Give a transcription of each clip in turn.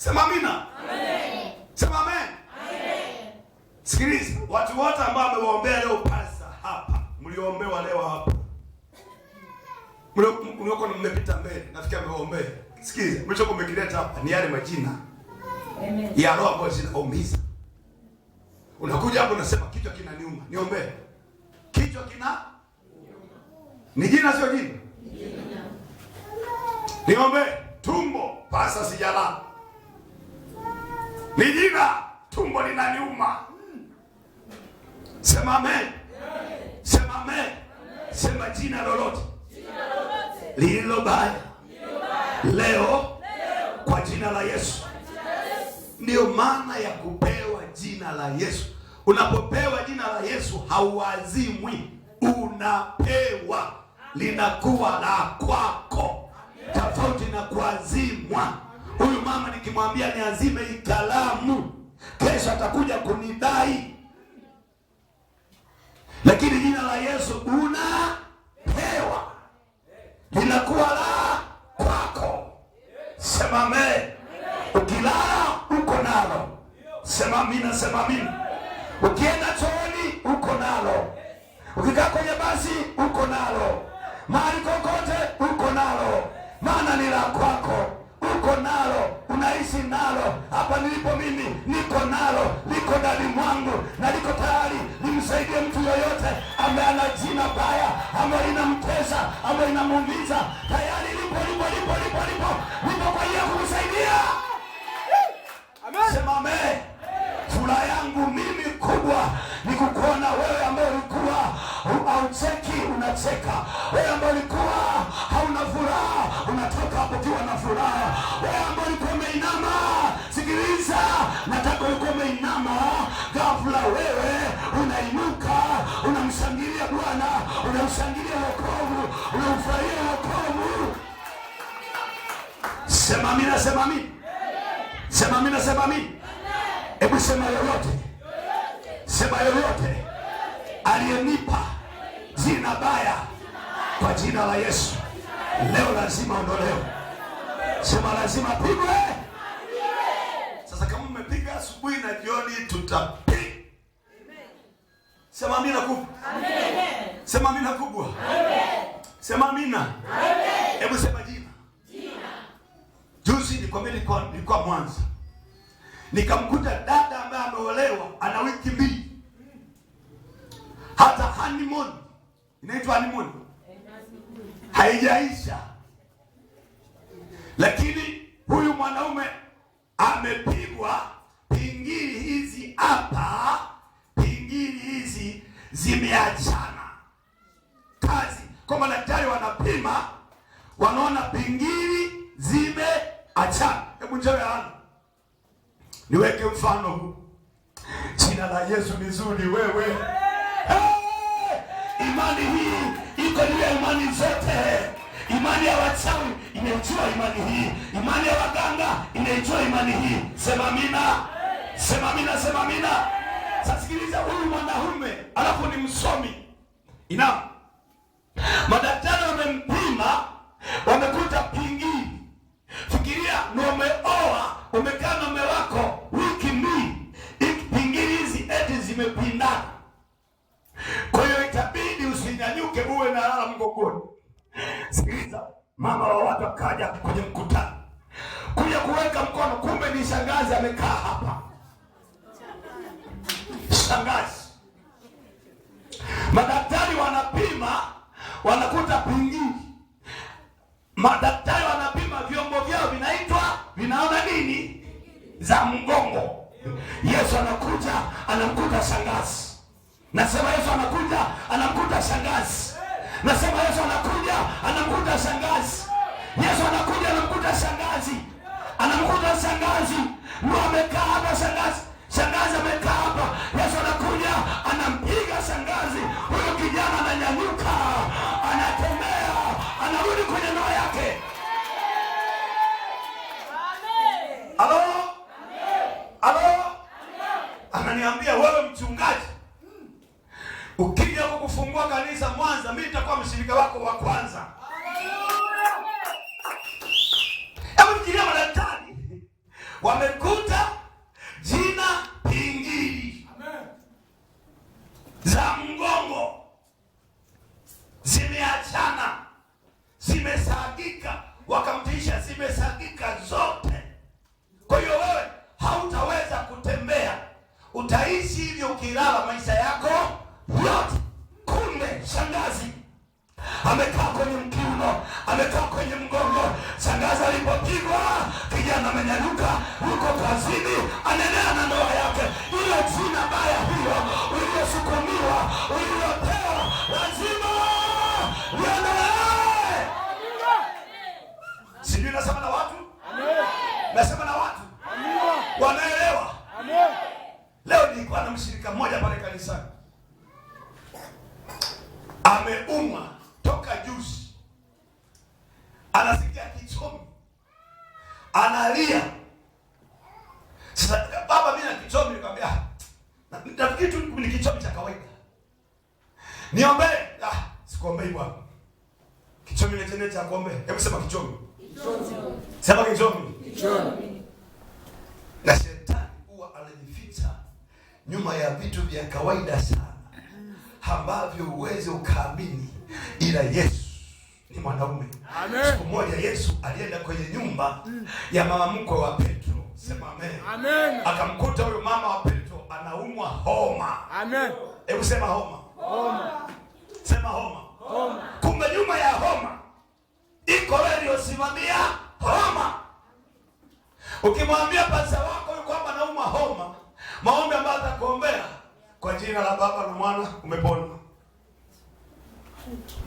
Sema amina. Amen. Sema amen. Amen. Sikiliza, watu wote ambao amewaombea leo pasa hapa, mliombewa leo hapa. Mlioko mmepita mbele, nafikia amewaombea. Sikiliza, mlicho kumekileta hapa ni yale majina. Amen. Ya roho ambazo zinaumiza. Unakuja hapo unasema kichwa kinaniuma, niombee. Kichwa kina ni jina sio jina? Ni jina. Niombee tumbo, pasa sijalala ni jina, tumbo linaniuma. Sema amen, sema amen, sema jina lolote lililo baya leo kwa jina la Yesu. Ndiyo maana ya kupewa jina la Yesu. Unapopewa jina la Yesu hauazimwi, unapewa, linakuwa la kwako, tofauti na kuazimwa huyu mama nikimwambia niazime hii kalamu, kesho atakuja kunidai. Lakini jina la Yesu unapewa, linakuwa la kwako. Semame ukilala uko nalo, sema semamina. Ukienda chooni uko nalo, ukikaa kwenye basi uko nalo, mahali kokote uko nalo, maana ni la kwako naishi nalo hapa nilipo mimi, niko nalo, liko ndani mwangu na liko tayari limsaidie mtu yoyote ambaye ana jina baya, ama inamtesa, ama inamuumiza. Tayari lipo, lipo, lipo, lipo, lipo, lipo kwa hiyo kumsaidia. Amen, Sema amen. Furaha yangu mimi kubwa ni kukuona wewe ambaye ulikuwa haucheki unacheka, wewe ambaye ulikuwa hauna furaha unatoka hapo ukiwa na furaha. nataka ulikuwa umeinama, ghafla wewe unainuka, unamshangilia Bwana, unamshangilia wokovu, unamfurahia wokovu. Sema mina, nasema mina, sema mina, nasema mina. Hebu sema yoyote, sema yoyote aliyenipa jina baya kwa jina la Yesu leo lazima ondolewe. Sema lazima pigwe. uta sema amina kubwa, sema amina kubwa, sema amina. Hebu sema jina. Juzi nikwambia, nilikuwa nilikuwa Mwanza nikamkuta dada ambaye ameolewa ana wiki mbili, hata honeymoon inaitwa honeymoon haijaisha, lakini huyu mwanaume ame zimeachana kazi, kwa madaktari wanapima, wanaona pingili zimeachana. Hebu njoo ana niweke mfano huu, jina la Yesu ni zuri. Wewe hey! imani hii iko juu ya imani zote Imani ya wachawi inaijua imani hii, imani ya waganga inaijua imani hii. Sema mina, sema sema sasa sikiliza, huyu mwanaume alafu ni msomi ina madaktari wamempima, wamekuta pingili. Fikiria ni umeoa, umekaa na mume wako wiki mbili, pingili hizi eti zimepindana. Kwa hiyo itabidi usinyanyuke, uwe na lala mgongoni. Sikiliza, mama wa watu akaja kwenye mkutano kuja kuweka mkono, kumbe ni shangazi amekaa hapa wanakuta pingi. Madaktari wanapima vyombo vyao vinaitwa vinaona nini za mgongo. Yesu anakuja anamkuta shangazi, nasema Yesu anakuja anamkuta shangazi, nasema Yesu anakuja mshirika wako wa kwanza. Hebu fikiria madaktari wamekuta jina pingili za mgongo zimeachana, zimesagika, wakamtisha zimesagika zote. Kwa hiyo wewe hautaweza kutembea, utaishi hivyo ukilala maisha kitu ni kichomi cha kawaida. Niombe? Ah, sikuombe bwana. Kichomi ni chenye cha kuombe. Hebu sema kichomi. Kichomi. Sema kichomi. Kichomi. Na shetani huwa anajificha nyuma ya vitu vya kawaida sana ambavyo uweze ukaamini, ila Yesu ni mwanaume. Amen. Siku moja Yesu alienda kwenye nyumba ya mama mkwe wa Petro, sema amen, amen. Akamkuta huyo mama wa Petro anaumwa homa. Amen. Hebu sema homa. Homa. Sema homa. Homa. Kumbe nyuma ya homa iko wewe uliosimamia homa. Ukimwambia pasa wako yuko kwamba anaumwa homa, maombi ambayo atakuombea kwa jina la Baba na Mwana umepona.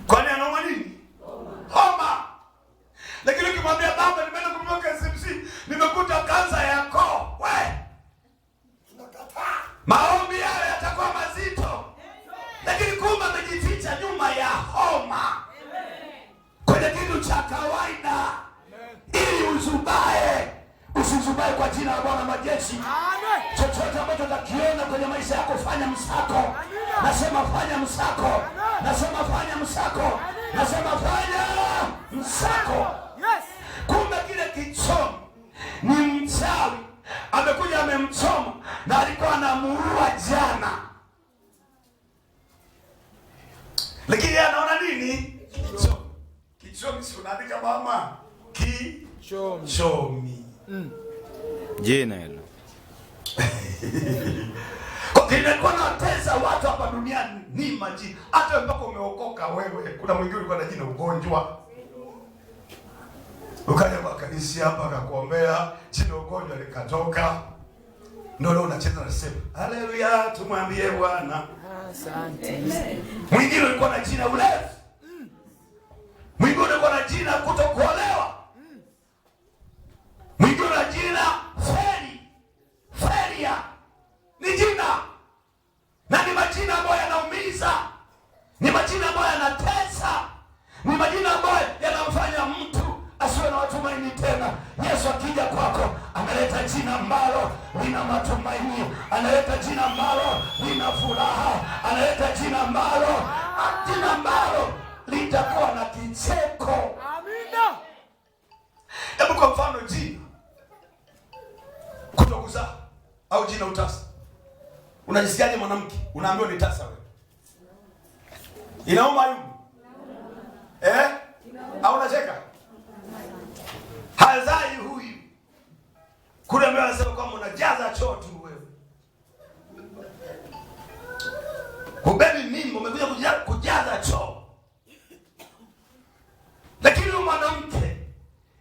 Kwani anaumwa nini? Homa. Lakini ukimwambia Baba, nimeenda kumweka SMC, nimekuta kansa ya nyuma ya homa kwenye kitu cha kawaida, ili uzubae. Usizubae kwa jina la Bwana majeshi. Chochote ambacho takiona kwenye maisha yako, fanya msako. Nasema fanya msako, nasema fanya msako, nasema fanya msako. Kumbe kile kichomo ni mchawi amekuja amemchoma, na alikuwa anamuua jana lakini yeye anaona nini? Kichomi. Kichomi si unaandika mama? Kichomi. Chomi. Mm. Jina hilo. Kwa kile nilikuwa natesa watu hapa duniani ni maji. Hata mpaka umeokoka wewe, kuna mwingine ulikuwa na jina ugonjwa. Ukaja kwa kanisa hapa akakuombea, jina ugonjwa likatoka. Ndio leo unacheza na sema, "Haleluya, tumwambie Bwana." Mwingine ulikuwa na jina ulevi. mwingine ulikuwa na jina kutokuolewa, mwingine na jina feli, felia. Ni jina na ni majina ambayo yanaumiza, ni majina ambayo yanatesa, ni majina ambayo yanamfanya mtu asiwe na watumaini tena. Yesu akija kwako analeta jina ambalo lina matumaini, analeta jina ambalo lina furaha, analeta jina ambalo jina ambalo litakuwa na kicheko. Amina. Hebu kwa mfano jina kutokuza au jina utasa, unajisikiaje mwanamke? Unaambiwa ni tasa wewe, inauma yumbu eh, au unacheka hazai kuna mbele anasema kwamba unajaza choo tu wewe. Kubebi mimba umekuja kujaza, kujaza choo. Lakini mwanamke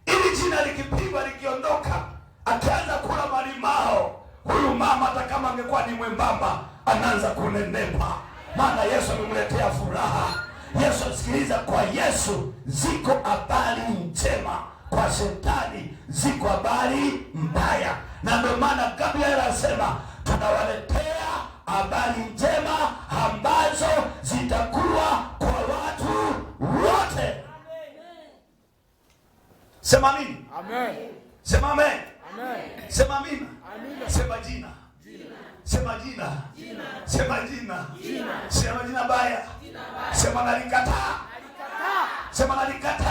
ili jina likipigwa likiondoka, ataanza kula malimao. Huyu mama hata kama angekuwa ni mwembamba anaanza kunenepa, maana Yesu amemletea furaha. Yesu, sikiliza, kwa Yesu ziko habari njema kwa shetani ziko habari mbaya, na ndio maana Gabriel anasema tunawaletea habari njema ambazo zitakuwa kwa watu wote. Sema nini? Amen. Sema amen. Sema mimi. Sema jina. Sema jina. Sema jina. Sema jina baya. Sema Nalikataa. Sema nalikataa.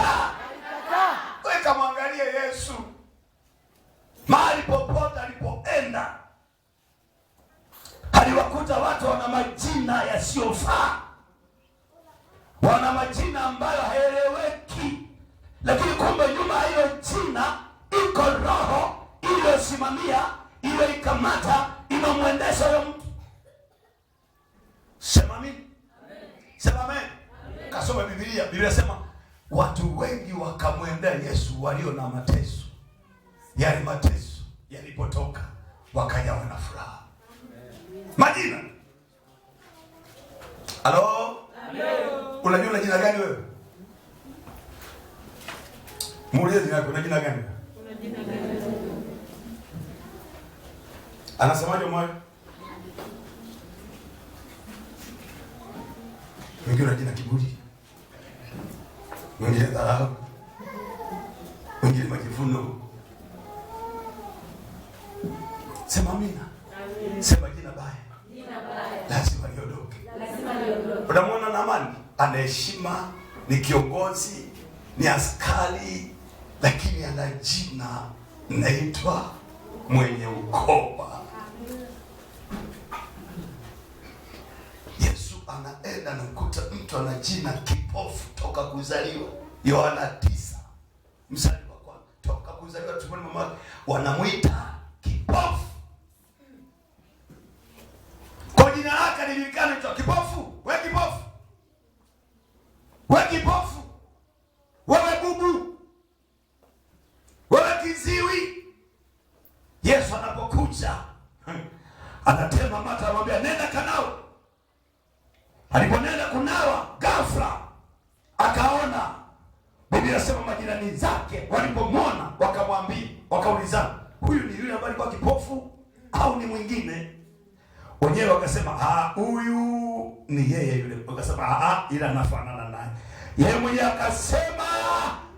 Mahali popote alipoenda aliwakuta watu wana majina yasiyofaa, wana majina ambayo haeleweki, lakini kumbe nyuma ya hiyo jina iko roho iliyosimamia, iliyoikamata, inamwendesha huyo mtu. Sema mimi, sema amen. kasome Biblia. Biblia sema watu wengi wakamwendea Yesu walio na mateso yale mateso yalipotoka, wakaja wana furaha. Majina halo, unajua una jina gani wewe? Muulize jina lako, una jina gani? Anasemaje moyo mwingine? Una jina kiburi, mwingine dharau, mwingine majivuno Sema amina. Sema jina baya lazima liondoke. Unamwona Naamani ana heshima, ni kiongozi, ni askari, lakini ana jina naitwa mwenye ukoba. Yesu anaenda nakuta mtu ana jina kipofu toka kuzaliwa. Yohana 9 mstari wa kwanza, toka kuzaliwa tumboni mama wanamwita kuja. Akatema mata, anamwambia nenda kanao. Aliponenda kunawa, ghafla akaona. Biblia inasema majirani zake walipomwona wakamwambia, wakaulizana, huyu ni yule ambaye alikuwa kipofu au ni mwingine? Wenyewe wakasema huyu ni yeye yule. Wakasema ila anafanana naye. Yeye mwenyewe akasema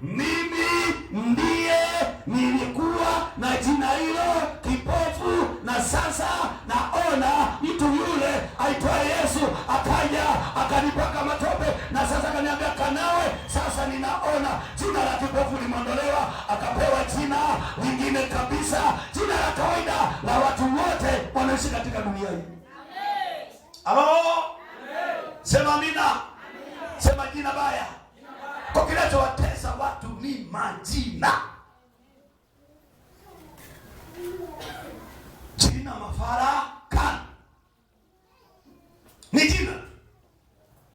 mimi ndiye nilikuwa na jina hilo kipofu, na sasa naona. Mtu yule aitwaye Yesu akaja akanipaka matope, na sasa akaniambia kanawe, sasa ninaona. Jina la kipofu limeondolewa, akapewa jina lingine kabisa, jina la kawaida la watu wote wanaishi katika dunia hii. Amen.